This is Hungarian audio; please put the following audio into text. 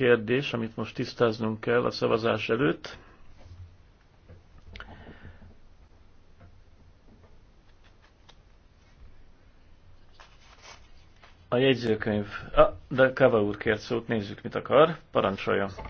kérdés, amit most tisztáznunk kell a szavazás előtt. A jegyzőkönyv. Ah, de Kava úr kért szót, nézzük, mit akar. Parancsoljon.